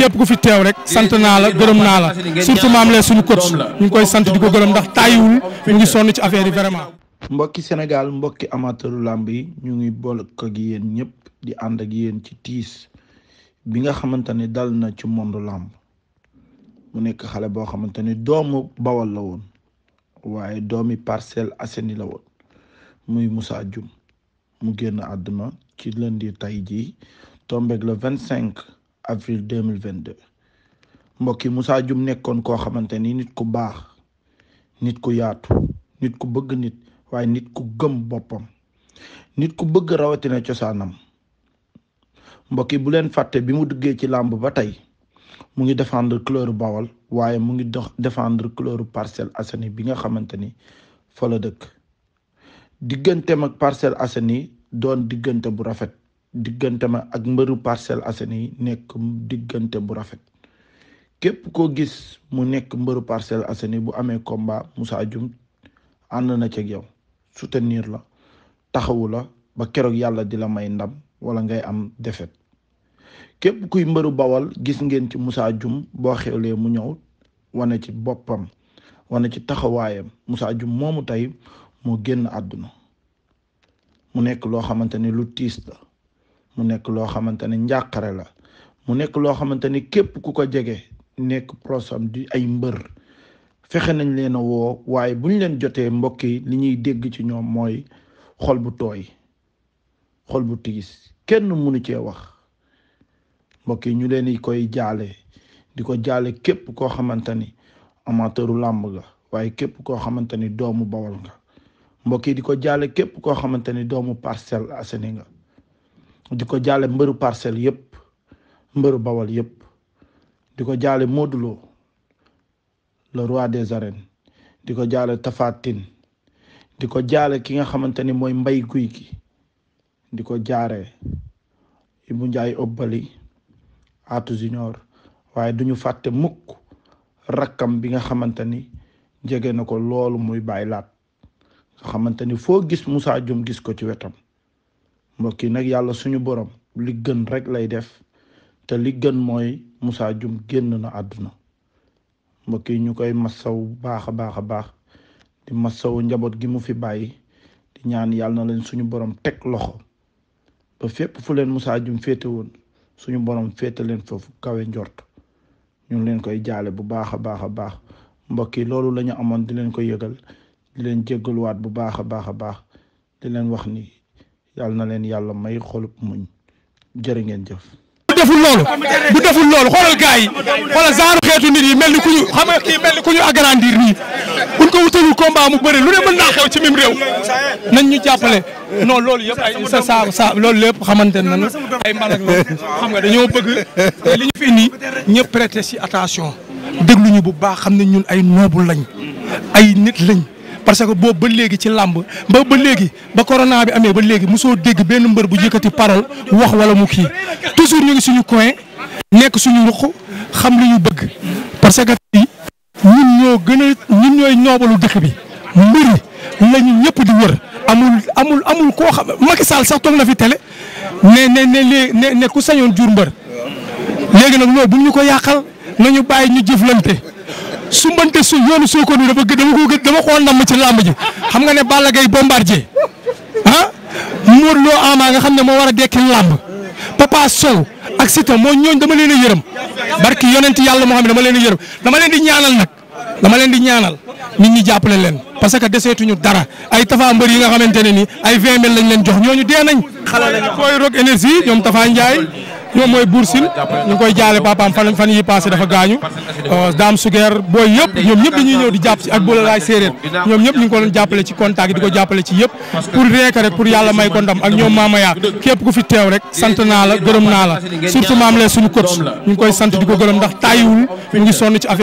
képp ku fi teew rek sant naa la gërëm naa la surtout maam lee suñu coach ñu ngi koy sant di ko gërëm ndax tàyyiwul mu ngi sonn ci affaire yi vraiment. mbokki Sénégal mbokki amateuru làmb yi ñu ngi boole ko ak yéen ñëpp di ànd ak yéen ci tiis bi nga xamante ne dal na ci monde làmb mu nekk xale boo xamante ni doomu bawal la woon waaye doomi Parcelles Assainies la woon muy Moussa mu génn àdduna ci di tey jii tombeeg le vingt cinq. avril deux mille vingt deux mbokk yi Moussa nekkoon koo xamante ni nit ku baax nit ku yaatu nit ku bëgg nit waaye nit ku gëm boppam nit ku bëgg rawatina cosaanam mbokki yi bu leen fàtte bi mu duggee ci làmb ba tey mu ngi défendre couleur Bawol waaye mu ngi dox defendre couleur Parcelles Assainies bi nga xamante ni fa la dëkk digganteem ak Parcelles Assainies doon diggante bu rafet diggante ma ak mbëru parcelle Assainies nekk diggante bu rafet képp koo gis mu nekk mbëru parcelle Assainies bu amee komba Moussa jum ànd na ci yow soutenir la taxawu la ba keroog yàlla di la may ndam wala ngay am defet képp kuy mbëru Bawal gis ngeen ci Moussa jum boo xewlee mu ñëw wane ci boppam wane ci taxawaayam Moussa jum moomu tey moo génn àdduna mu nekk loo xamante ni lu tiis la mu nekk loo xamante ne njàqare la mu nekk loo xamante ne képp ku ko jege nekk prosam di ay mbër fexe nañ leen woo waaye buñ leen jotee mbokk yi li ñuy dégg ci ñoom mooy xol bu tooy xol bu tigis kenn mënu cee wax mbokk yi ñu leen di koy jaale di ko jaale képp koo xamante ni amateuru làmb nga waaye képp koo xamante ni doomu bawol nga mbokk yi di ko jaale képp koo xamante ni doomu Parcelles Assainies nga di ko jaale mbëru parcelle yëpp mbëru bawal yëpp di ko jaale Modou Lo le roi des arènes di ko jaale Tapha di ko jaale ki nga xamante ni mooy mbay guy gi di ko jaare Ibou Ndiaye Obali Atou Junior waaye duñu fàtte mukk rakkam bi nga xamante ni jege na ko loolu muy bay laat nga xamante ni foo gis Moussa Dioum gis ko ci wetam mbokk yi nag yàlla suñu borom li gën rek lay def te li gën mooy Moussa jum génn na àdduna mbokk yi ñu koy massaw baax a baax a baax di massaw njaboot gi mu fi bàyyi di ñaan yàlla na leen suñu borom teg loxo ba fépp fu leen Moussa jum féete woon suñu borom féete leen foofu kawe njort ñu ngi leen koy jaale bu baax a baax a baax mbokk yi loolu lañu amoon di leen ko yëgal di leen jéggaluwaat bu baax a baax a baax di leen wax nii yàlla na leen yàlla may xolub muñ jërë ngeen jëf. bu deful loolu bu deful loolu xoolal gars yi xoolal xeetu nit yi mel ni ku ñu xam nga kii ku nii buñ ko wutalu combat mu bëri lu ne mën naa xew ci mim réew nañ ñu jàppale noo loolu yëpp ay sa sa sa loolu lépp xamante nañu ay mbalak la xam nga dañoo bëgg li ñu fi indi ñëpp prêter si attention déglu ñu bu baax xam ne ñun ay noble lañ ay nit lañ. parce que boobu ba léegi ci làmb ba ba léegi ba corona bi amee ba léegi musoo dégg benn mbër bu yëkkati parole wax wala mu kii toujours ñu ngi suñu coin nekk suñu ruq xam li ñu bëgg parce que tey ñun gën a ñun ñooy ñoobalu dëkk bi mbëri la ñu ñëpp di wër amul amul amul koo xam Macky Sall sax toog na fi télé ne ne ne ne ku sañoon jur mbër léegi nag loolu bu ñu ko yàqal ñu bàyyi ñu jëflante sumbante yoonu soo ko dafa gën ma ko namm ci làmb ji xam nga ne Balla Gaye bombardier ah Modou Lo Ama nga xam ne moo war a dekki làmb Papa Sow ak Siteu moo ñooñ dama leen a yërëm barki yonent yàlla moo xam ne dama leen a yërëm dama leen di ñaanal nag dama leen di ñaanal nit ñi jàppale leen parce que deseetuñu dara ay tafa mbër yi nga xamante ne nii ay 20 lañ leen jox ñooñu dee nañ. xale lañ koy roog énergie ñoom Tafa Ndiaye. moom mooy Bour Sine ñu ngi koy jaale papaam fan yi passé dafa gaañu euh, Dame Suger booy yëpp ñoom ñëpp dañuy ñëw di jàpp si ak Boulalaye séeréer ñoom ñëpp ñu ngi ko doon jàppale ci contact yi di ko jàppale ci yëpp pour rek rek pour yàlla may ko ak ñoom maama yaa képp ku fi teew rek sant naa la gërëm naa la surtout maam lee suñu coach ñu ngi koy sant di ko gërëm ndax tàyyiwul ñu ngi sonn ci affaire